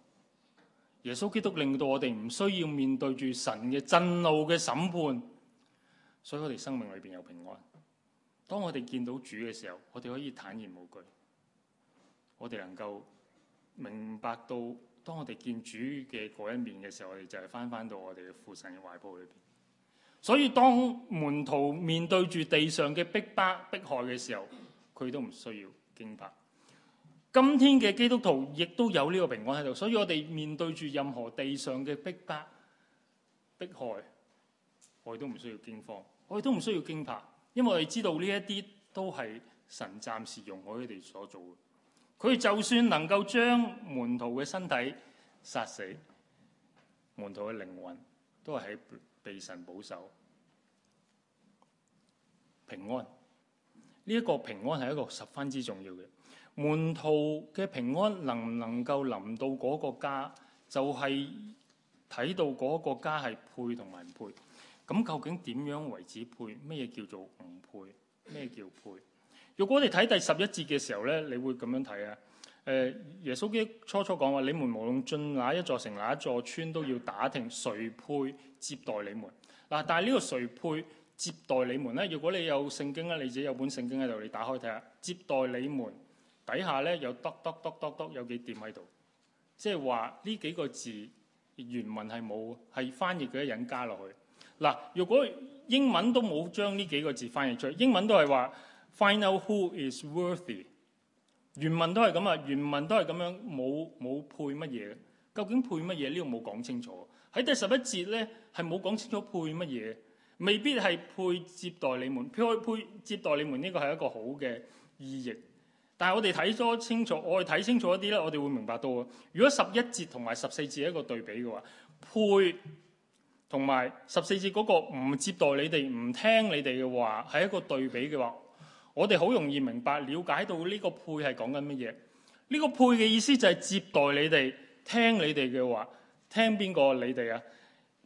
耶穌基督令到我哋唔需要面對住神嘅震怒嘅審判，所以我哋生命裏邊有平安。當我哋見到主嘅時候，我哋可以坦然無懼，我哋能夠明白到。當我哋見主嘅嗰一面嘅時候，我哋就係翻翻到我哋嘅父神嘅懷抱裏邊。所以當門徒面對住地上嘅逼迫、迫害嘅時候，佢都唔需要驚怕。今天嘅基督徒亦都有呢個平安喺度，所以我哋面對住任何地上嘅逼迫、迫害，我哋都唔需要驚慌，我哋都唔需要驚怕，因為我哋知道呢一啲都係神暫時容許佢哋所做嘅。佢就算能夠將門徒嘅身體殺死，門徒嘅靈魂都係喺被神保守平安。呢一個平安係一個十分之重要嘅門徒嘅平安，能唔能夠臨到嗰個家，就係睇到嗰個家係配同埋唔配。咁究竟點樣為止配？咩叫做唔配？咩叫配？如果你睇第十一節嘅時候咧，你會咁樣睇啊？誒，耶穌基督初初講話，你們無論進哪一座城、哪一座村，都要打聽誰配接待你們嗱。但係呢個誰配接待你們咧？如果你有聖經咧，你自己有本聖經喺度，你打開睇下，接待你們底下咧有 dot dot dot dot dot 有幾點喺度，即係話呢幾個字原文係冇，係翻譯嘅人加落去嗱。如果英文都冇將呢幾個字翻譯出嚟，英文都係話。find out who is worthy 原。原文都係咁啊，原文都係咁樣冇冇配乜嘢？究竟配乜嘢？呢個冇講清楚喺第十一節呢，係冇講清楚配乜嘢？未必係配接待你們。配接待你們呢個係一個好嘅意義。但係我哋睇多清楚，我哋睇清楚一啲呢，我哋會明白到，如果十一節同埋十四節係一個對比嘅話，配同埋十四節嗰個唔接待你哋，唔聽你哋嘅話係一個對比嘅話。我哋好容易明白，了解到呢個配係講緊乜嘢？呢、呢個配嘅意思就係接待你哋，聽你哋嘅話，聽邊個你哋啊？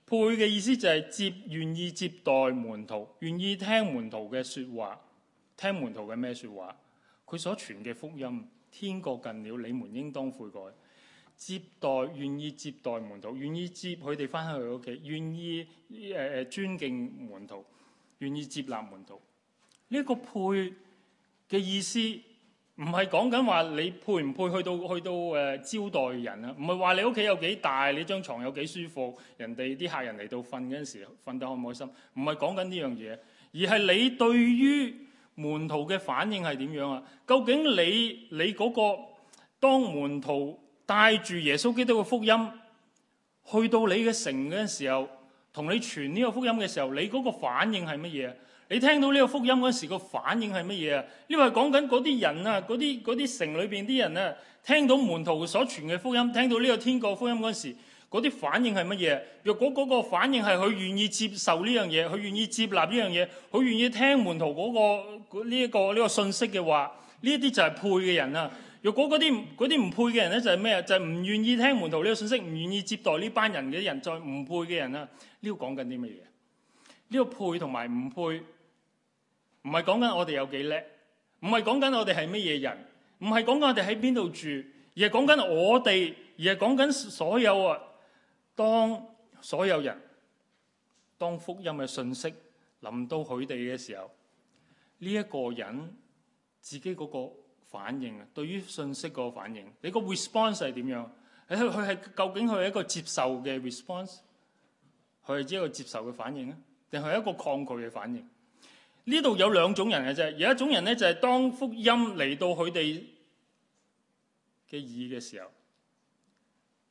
配嘅意思就係接願意接待門徒，願意聽門徒嘅説話，聽門徒嘅咩説話？佢所傳嘅福音，天國近了，你們應當悔改。接待願意接待門徒，願意接佢哋返去佢屋企，願意誒、呃、尊敬門徒，願意接納門徒。呢個配嘅意思唔係講緊話你配唔配去到去到誒招待人啊，唔係話你屋企有幾大，你張床有幾舒服，人哋啲客人嚟到瞓嗰陣時瞓得開唔開心，唔係講緊呢樣嘢，而係你對於門徒嘅反應係點樣啊？究竟你你嗰個當門徒帶住耶穌基督嘅福音去到你嘅城嗰陣時候，同你傳呢個福音嘅時候，你嗰個反應係乜嘢？你聽到呢個福音嗰時個反應係乜嘢啊？呢個係講緊嗰啲人啊，嗰啲嗰啲城裏邊啲人啊，聽到門徒所傳嘅福音，聽到呢個天國福音嗰時，嗰啲反應係乜嘢？若果嗰個反應係佢願意接受呢樣嘢，佢願意接納呢樣嘢，佢願意聽門徒嗰、嗰個呢一、嗰個呢、嗰個嗰個信息嘅話，呢一啲就係配嘅人啊。若果嗰啲嗰啲唔配嘅人咧，就係咩啊？就係唔願意聽門徒呢個信息，唔願意接待呢班人嘅人，就係、是、唔配嘅人啊。呢個講緊啲乜嘢？呢個配同埋唔配。唔係講緊我哋有幾叻，唔係講緊我哋係乜嘢人，唔係講緊我哋喺邊度住，而係講緊我哋，而係講緊所有。啊，當所有人當福音嘅信息臨到佢哋嘅時候，呢一個人自己嗰個反應啊，對於信息嗰個反應，你個 response 係點樣？佢係究竟佢係一個接受嘅 response，佢係一個接受嘅反應咧，定係一個抗拒嘅反應？呢度有兩種人嘅啫，有一種人咧就係當福音嚟到佢哋嘅耳嘅時候，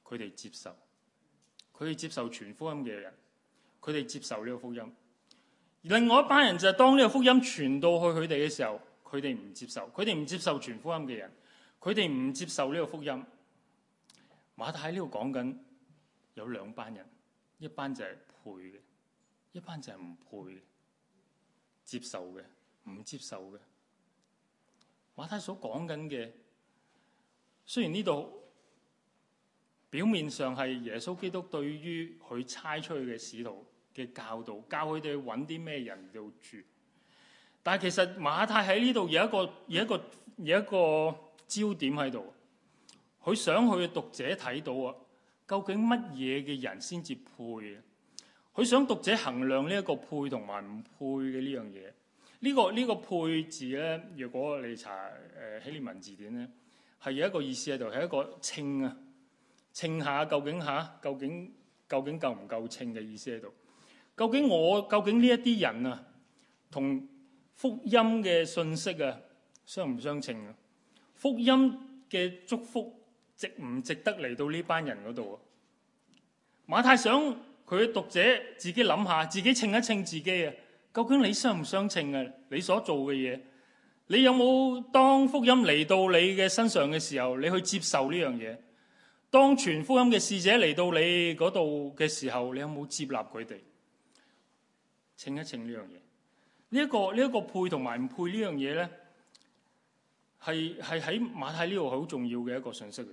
佢哋接受，佢哋接受傳福音嘅人，佢哋接受呢個福音。而另外一班人就係當呢個福音傳到去佢哋嘅時候，佢哋唔接受，佢哋唔接受傳福音嘅人，佢哋唔接受呢個福音。馬太喺呢度講緊有兩班人，一班就係配嘅，一班就係唔配嘅。接受嘅，唔接受嘅。馬太所講緊嘅，雖然呢度表面上係耶穌基督對於佢差出去嘅使徒嘅教導，教佢哋揾啲咩人要住，但係其實馬太喺呢度有一個，有一個，有一個焦點喺度。佢想佢嘅讀者睇到啊，究竟乜嘢嘅人先至配？佢想讀者衡量呢一個配同埋唔配嘅呢樣嘢，呢、呢個呢、呢個配字咧，若果你查誒、呃、希臘文字典咧，係有一個意思喺度，係一個稱啊，稱下究竟下究竟究竟夠唔夠稱嘅意思喺度。究竟我究竟呢一啲人啊，同福音嘅信息啊，相唔相稱啊？福音嘅祝福值唔值得嚟到呢班人嗰度啊？馬太想，佢讀者自己諗下，自己稱一稱自己啊！究竟你相唔相稱啊？你所做嘅嘢，你有冇當福音嚟到你嘅身上嘅時候，你去接受呢樣嘢？當全福音嘅使者嚟到你嗰度嘅時候，你有冇接納佢哋？稱一稱呢樣嘢，呢一個呢一個配同埋唔配呢樣嘢呢？係係喺馬太呢度好重要嘅一個信息嘅。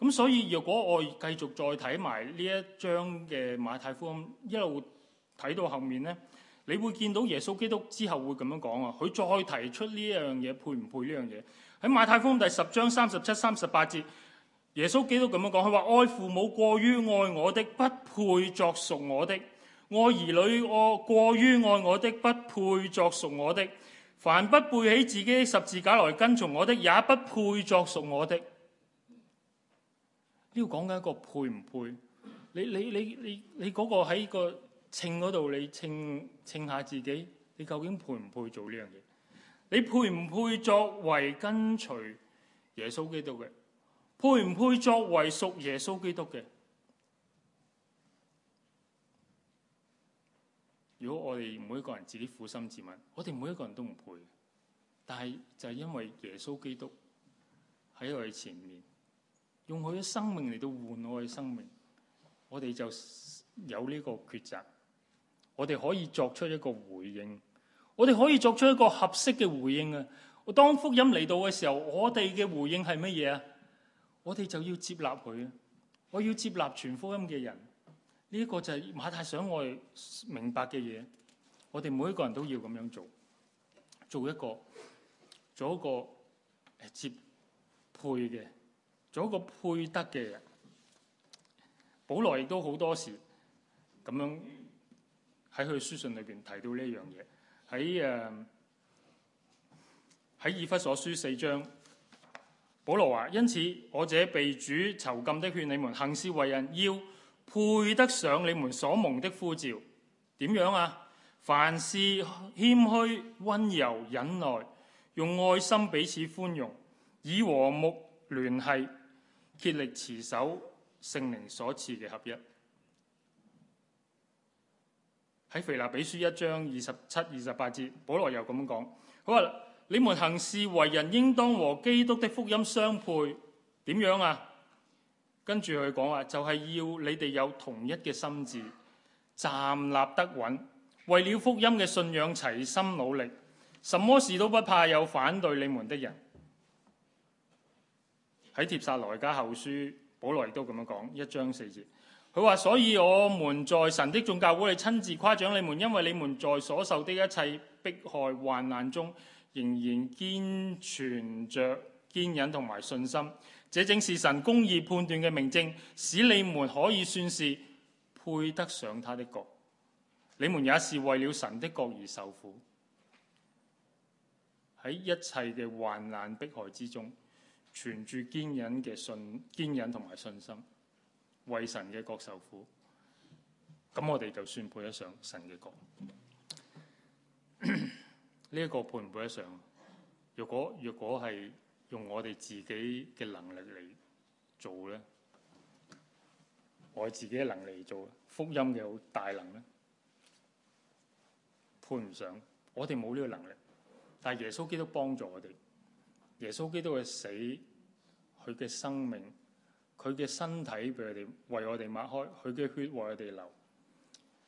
咁所以如果我繼續再睇埋呢一章嘅馬太福音一路睇到後面呢，你會見到耶穌基督之後會咁樣講啊，佢再提出呢一樣嘢，配唔配呢樣嘢？喺馬太福音第十章三十七、三十八節，耶穌基督咁樣講，佢話愛父母過於愛我的，不配作屬我的；愛兒女我過於愛我的，不配作屬我的；凡不背起自己十字架來跟從我的，也不配作屬我的。呢個講緊一個配唔配？你你你你你嗰個喺個稱嗰度，你稱稱下自己，你究竟配唔配做呢樣嘢？你配唔配作為跟隨耶穌基督嘅？配唔配作為屬耶穌基督嘅？如果我哋每一個人自己苦心自問，我哋每一個人都唔配，但係就係因為耶穌基督喺我哋前面。用佢嘅生命嚟到換我嘅生命，我哋就有呢個抉擇。我哋可以作出一個回應，我哋可以作出一個合適嘅回應啊！當福音嚟到嘅時候，我哋嘅回應係乜嘢啊？我哋就要接納佢啊，我要接納全福音嘅人。呢一個就係馬太想我明白嘅嘢，我哋每一個人都要咁樣做，做一個做一個接配嘅。做一個配得嘅人，保羅亦都好多時咁樣喺佢書信裏邊提到呢樣嘢。喺誒喺以弗所書四章，保羅話：因此我者被主囚禁的，勸你們行事為人要配得上你們所蒙的呼召。點樣啊？凡事謙虛、温柔、忍耐，用愛心彼此寬容，以和睦聯繫。竭力持守聖靈所賜嘅合一。喺腓立比書一章二十七、二十八節，保羅又咁講：好啊，你們行事為人，應當和基督的福音相配。點樣啊？跟住佢講話，就係、是、要你哋有同一嘅心志，站立得穩，為了福音嘅信仰齊心努力，什麼事都不怕，有反對你們的人。喺帖撒羅尼迦後書，保羅亦都咁樣講一章四節。佢話：所以我們在神的眾教會裏，親自誇獎你們，因為你們在所受的一切迫害患難中，仍然堅存着堅忍同埋信心。這正是神公義判斷嘅明證，使你們可以算是配得上他的國。你們也是為了神的國而受苦。喺一切嘅患難迫害之中。存住堅忍嘅信、堅忍同埋信心，為神嘅國受苦，咁我哋就算配得上神嘅國。呢一、 [COUGHS] 呢個配唔配得上？若果若果係用我哋自己嘅能力嚟做咧，我哋自己嘅能力嚟做，福音嘅大能咧，配唔上？我哋冇呢個能力，但係耶穌基督幫助我哋。耶穌基督嘅死，佢嘅生命，佢嘅身體俾我哋為我哋擘開，佢嘅血為我哋流，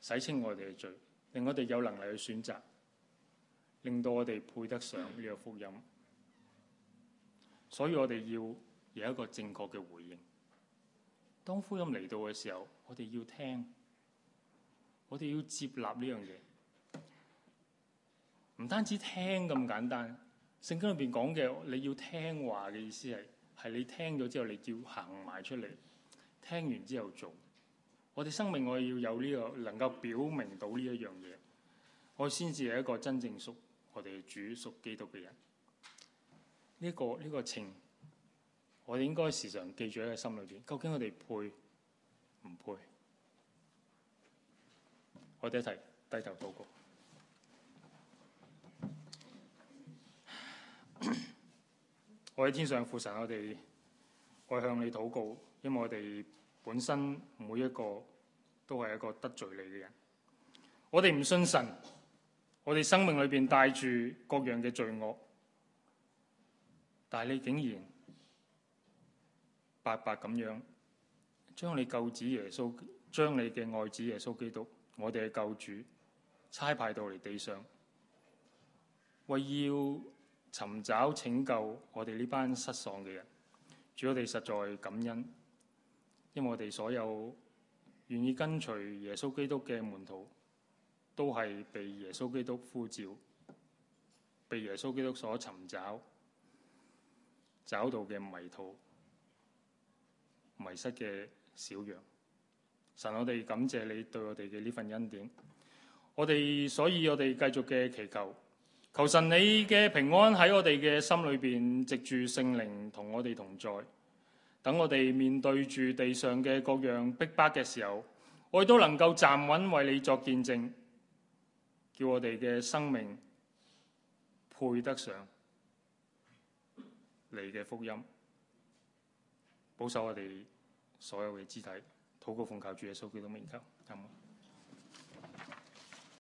洗清我哋嘅罪，令我哋有能力去選擇，令到我哋配得上呢個福音。所以我哋要有一個正確嘅回應。當福音嚟到嘅時候，我哋要聽，我哋要接納呢樣嘢，唔單止聽咁簡單。聖經裏邊講嘅，你要聽話嘅意思係，係你聽咗之後，你要行埋出嚟，聽完之後做。我哋生命，我要有呢個能夠表明到呢一樣嘢，我先至係一個真正屬我哋主、屬基督嘅人。呢個呢個情，我哋應該時常記住喺個心裏邊。究竟我哋配唔配？我哋一齊低頭禱告。各位天上父神，我哋我向你禱告，因為我哋本身每一個都係一個得罪你嘅人，我哋唔信神，我哋生命裏邊帶住各樣嘅罪惡，但係你竟然白白咁樣將你救子耶穌，將你嘅愛子耶穌基督，我哋嘅救主差派到嚟地上，為要。尋找拯救我哋呢班失喪嘅人，主，我哋實在感恩，因為我哋所有願意跟隨耶穌基督嘅門徒，都係被耶穌基督呼召，被耶穌基督所尋找，找到嘅迷途、迷失嘅小羊。神，我哋感謝你對我哋嘅呢份恩典。我哋所以，我哋繼續嘅祈求。求神你嘅平安喺我哋嘅心裏邊，藉住聖靈同我哋同在。等我哋面對住地上嘅各樣逼迫嘅時候，我亦都能夠站穩，為你作見證，叫我哋嘅生命配得上你嘅福音，保守我哋所有嘅肢體。禱告奉靠主耶穌基督，安。